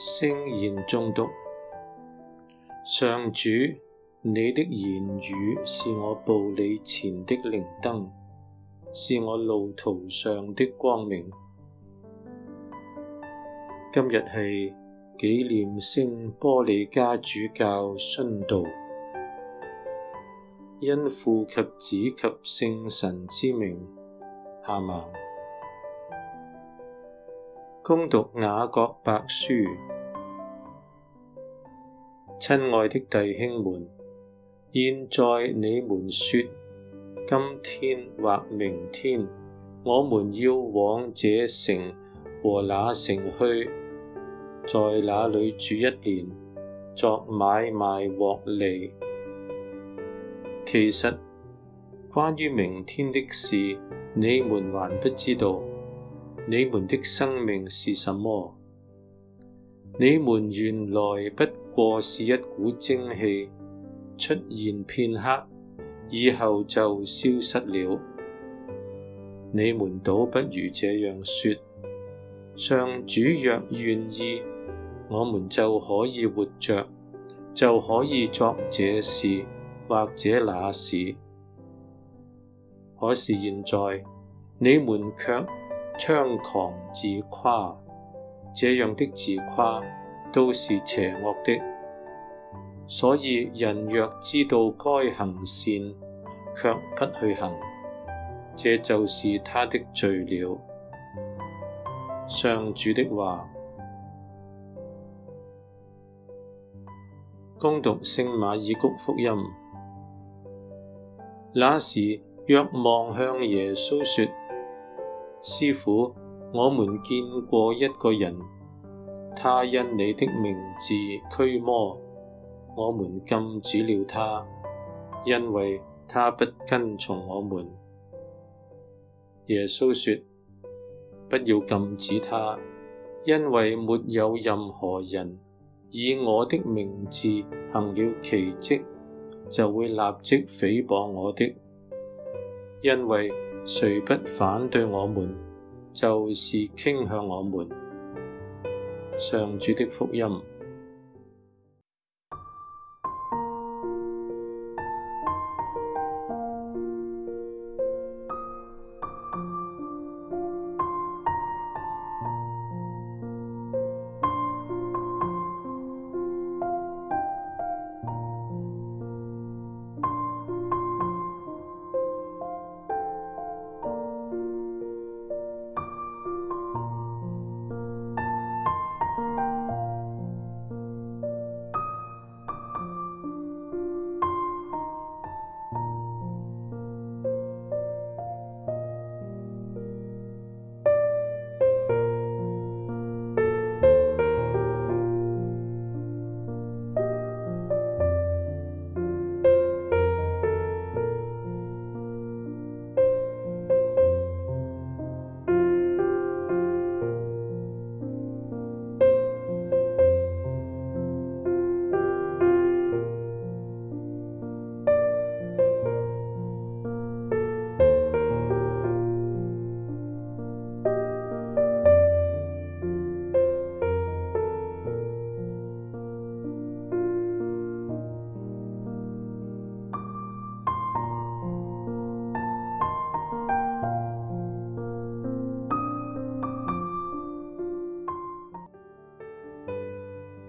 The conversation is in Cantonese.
聖言誦讀：「上主，你的言語是我步履前的靈燈，是我路途上的光明。今日係，紀念聖玻里加主教殉道，因父及子及聖神之名。亞孟。恭讀雅各伯書，親愛的弟兄們，現在你們說，今天或明天，我們要往這城和那城去。在那裡住一年，作買賣獲利。其實關於明天的事，你們還不知道。你們的生命是什麼？你們原來不過是一股蒸氣，出現片刻，以後就消失了。你們倒不如這樣說：上主若願意。我們就可以活着，就可以作這事或者那事。可是現在你們却猖狂自誇，這樣的自誇都是邪惡的。所以人若知道該行善，卻不去行，這就是他的罪了。上主的話。攻讀聖馬爾谷福音，那時若望向耶穌說：師父，我們見過一個人，他因你的名字驅魔，我們禁止了他，因為他不跟從我們。耶穌說：不要禁止他，因為沒有任何人。以我的名字行了奇蹟，就會立即誹謗我的，因為誰不反對我們，就是傾向我們。上主的福音。